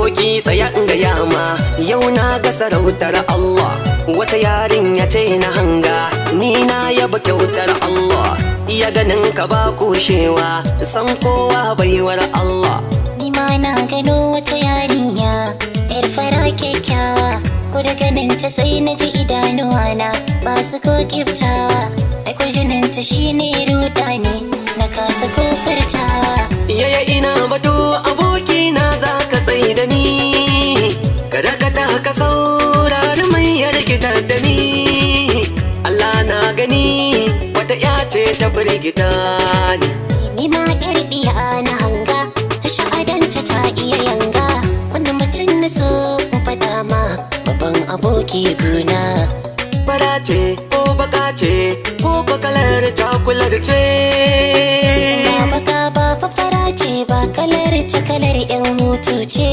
doki tsaya gaya yau na ga sarautar Allah wata yarinya ce na hanga ni na yaba kyautar Allah iya ganin ka ba shewa san kowa baiwar Allah ni ma na gano wata yarinya yar fara kyakkyawa ko da ganin ta sai na ji idanuwa na ba su ko kiftawa ai jinin ta shine ruɗa ne na kasa ko furtawa yaya ina batu ka saurari mai yarkita da Allah na gani wata ya ce ta firgita ni ni ma a na hanga ta sha'adanta ta iya yanga wanda mutum na so ku fada ma babban aboki guna bara ce ko baka ce ko bakalar cakular ce ba baka ba fara ce ba kalar ta kalar yan hutu ce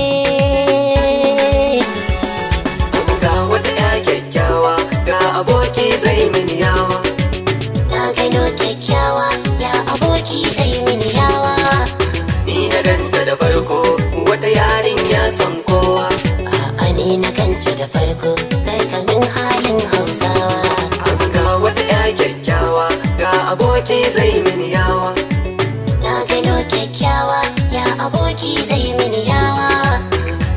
da farko kai kamin halin hausawa abu ga wata ya kyakkyawa ga aboki zai mini yawa na gano kyakkyawa ya aboki zai mini yawa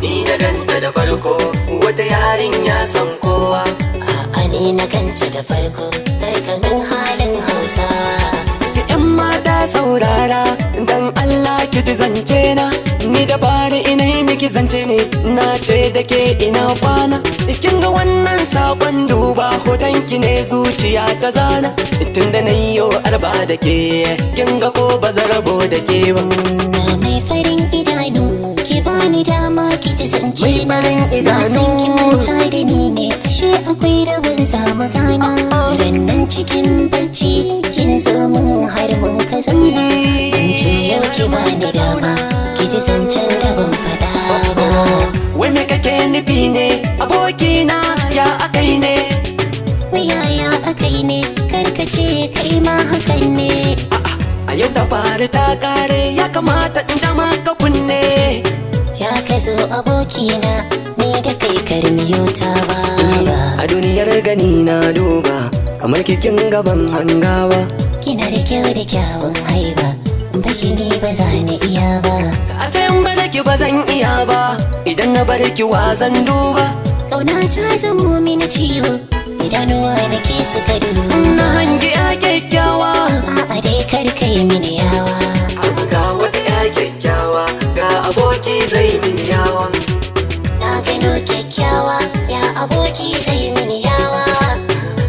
ni na ganta da farko wata yarin ya san kowa a'a ni na ganta da farko kai kamin halin hausawa yan mata saurara dan Allah ki ji zance na zance ne na ce da ke ina kwana ikin ga wannan sakon duba ki ne zuciya ta zana tun da na yi arba da ke kin ga ko ba zarabo da ke ba na mai farin idanu ki bani dama ki ji zance mai farin idanu ki manta da ni ne kashe akwai rabin samu gana ah, ah. rannan cikin bacci kin samu har mun ka zama ban ce yau ki bani dama ki ji zance da ban fara nufi ne abokina ya akai ne ya akai ne karkace kai ma hakan ne a yau ta fara ta kare ya kamata in jama ka kunne ya kai zo abokina ni da kai karmiyo ta baba eh, a duniyar gani na duba kamar kikin gaban hangawa kina da kyau da kyawun haiba baki ne ba za ni iya ba a can ba da ba zan iya ba na bari ki wazan duba kauna ta zamo mini ciwo na nake suka duba na hangi a kyakkyawa a'a dai kar kai mini yawa abu ga wata ya kyakkyawa ga aboki zai mini yawa na gano kyakkyawa ya aboki zai mini yawa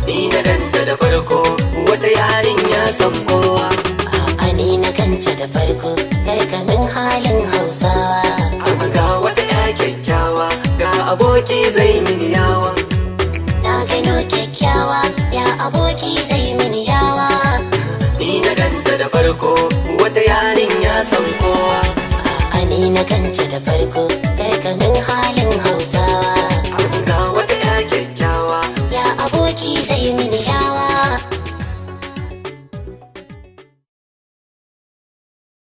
ni na ganta da farko wata yarin ya san kowa a'a ni na ganta da farko karkamin halin ido kyakkyawa ya aboki zai mini yawa ni na danta da farko